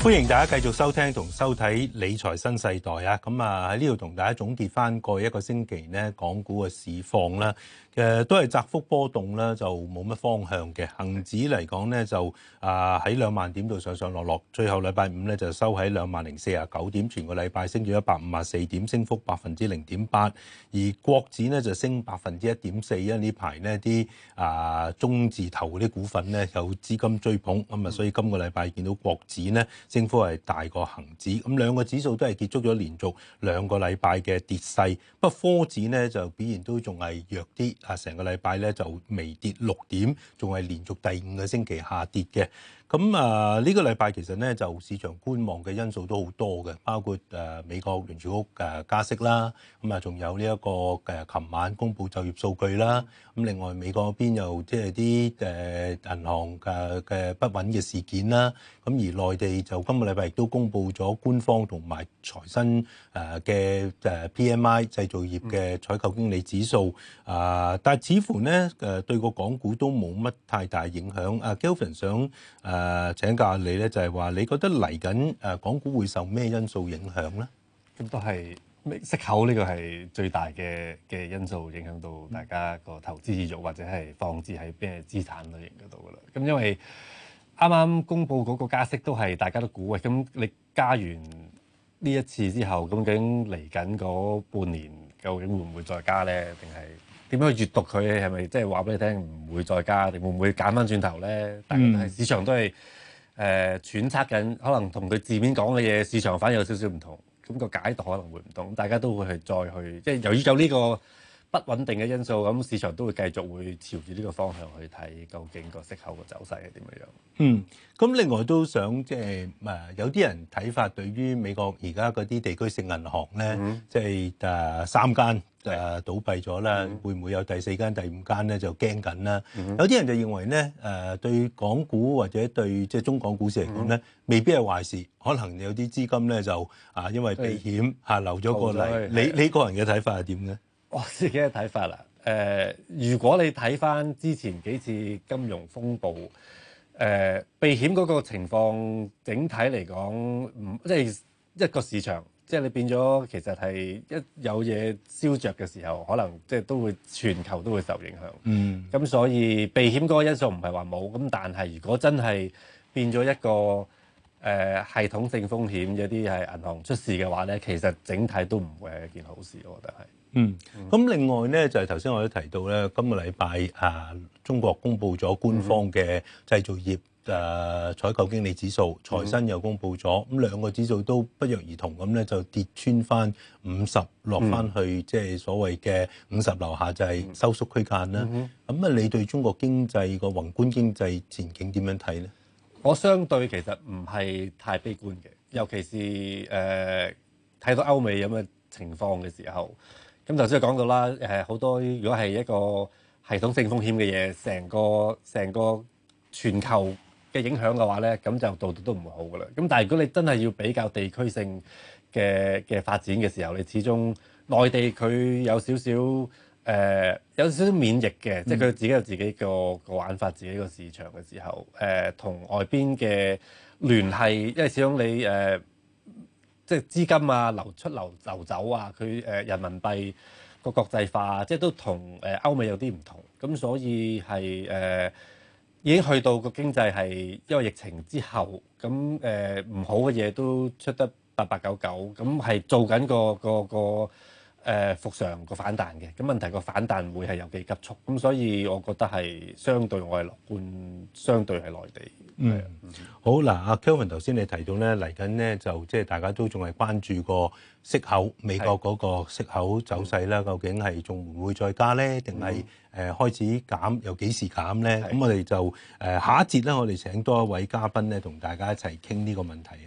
歡迎大家繼續收聽同收睇《理財新世代》啊！咁啊喺呢度同大家總結翻過去一個星期呢，港股嘅市況啦。誒都係窄幅波動啦，就冇乜方向嘅。恒指嚟講咧，就啊喺兩萬點度上上落落。最後禮拜五咧就收喺兩萬零四十九點，全個禮拜升咗一百五十四點，升幅百分之零點八。而國指咧就升百分之一點四，因為呢排呢啲啊中字頭嗰啲股份咧有資金追捧，咁啊所以今個禮拜見到國指咧升幅係大過恒指，咁兩個指數都係結束咗連續兩個禮拜嘅跌勢。不過科指咧就表現都仲係弱啲。啊！成個禮拜咧就微跌六點，仲係連續第五個星期下跌嘅。咁啊，呢個禮拜其實咧就市場觀望嘅因素都好多嘅，包括誒美國聯儲局誒加息啦，咁啊仲有呢一個誒琴晚公布就業數據啦，咁另外美國嗰邊又即係啲誒銀行嘅嘅不穩嘅事件啦，咁而內地就今個禮拜亦都公布咗官方同埋財新誒嘅誒 PMI 製造業嘅採購經理指數啊，但係似乎咧誒對個港股都冇乜太大影響啊，Gelvin 想誒。誒，請教下你咧，就係話你覺得嚟緊誒港股會受咩因素影響咧？咁都係息口呢個係最大嘅嘅因素影響到大家個投資意欲，或者係放置喺咩嘅資產類型嗰度噶啦。咁因為啱啱公布嗰個加息都係大家都估嘅，咁你加完呢一次之後，究竟嚟緊嗰半年究竟會唔會再加咧？定係？點樣去閲讀佢？係咪即係話俾你聽唔會再加定會唔會減返轉頭咧？但係市場都係誒、呃、揣測緊，可能同佢字面講嘅嘢，市場反而有少少唔同，咁、那個解讀可能會唔同，大家都會係再去，即、就、係、是、由於有呢、這個。不穩定嘅因素，咁市場都會繼續會朝住呢個方向去睇，究竟個息口嘅走勢係點樣？嗯，咁另外都想即係誒，有啲人睇法，對於美國而家嗰啲地區性銀行咧，即係誒三間誒倒閉咗啦，會唔會有第四間、第五間咧就驚緊啦？有啲人就認為咧誒，對港股或者對即係中港股市嚟講咧，未必係壞事，可能有啲資金咧就啊因為避險嚇流咗過嚟。你你個人嘅睇法係點咧？我自己嘅睇法啦，誒，如果你睇翻之前幾次金融風暴，誒避險嗰個情況整體嚟講，唔即係一個市場，即係你變咗其實係一有嘢燒着嘅時候，可能即係都會全球都會受影響。嗯，咁所以避險嗰個因素唔係話冇，咁但係如果真係變咗一個誒系統性風險，有啲係銀行出事嘅話咧，其實整體都唔會係一件好事，我覺得係。嗯，咁另外咧就係頭先我都提到咧，今個禮拜啊，中國公布咗官方嘅製造業啊採購經理指數，財新又公布咗，咁、嗯、兩個指數都不約而同咁咧就跌穿翻五十，落翻去即係所謂嘅五十樓下就係收縮區間啦。咁、嗯、啊，嗯、你對中國經濟、個宏觀經濟前景點樣睇咧？我相對其實唔係太悲觀嘅，尤其是誒睇、呃、到歐美噉嘅情況嘅時候，咁頭先講到啦，誒、呃、好多如果係一個系統性風險嘅嘢，成個成個全球嘅影響嘅話咧，咁就度度都唔會好噶啦。咁但係如果你真係要比較地區性嘅嘅發展嘅時候，你始終內地佢有少少。誒有少少免疫嘅，即係佢自己有自己個玩法，自己個市場嘅時候，誒同外邊嘅聯繫，因為始終你誒即係資金啊流出流流走啊，佢誒人民幣個國際化，即係都同誒歐美有啲唔同，咁所以係誒已經去到個經濟係因為疫情之後，咁誒唔好嘅嘢都出得八八九九，咁係做緊個個個。誒復常個反彈嘅，咁問題個反彈會係有幾急速，咁所以我覺得係相對我係樂觀，相對係內地嘅。好，嗱，阿 Kelvin 頭先你提到咧，嚟緊咧就即係大家都仲係關注個息口，美國嗰個息口走勢啦，究竟係仲唔會再加咧，定係誒開始減？又幾時減咧？咁我哋就誒下一節咧，我哋請多一位嘉賓咧，同大家一齊傾呢個問題啊！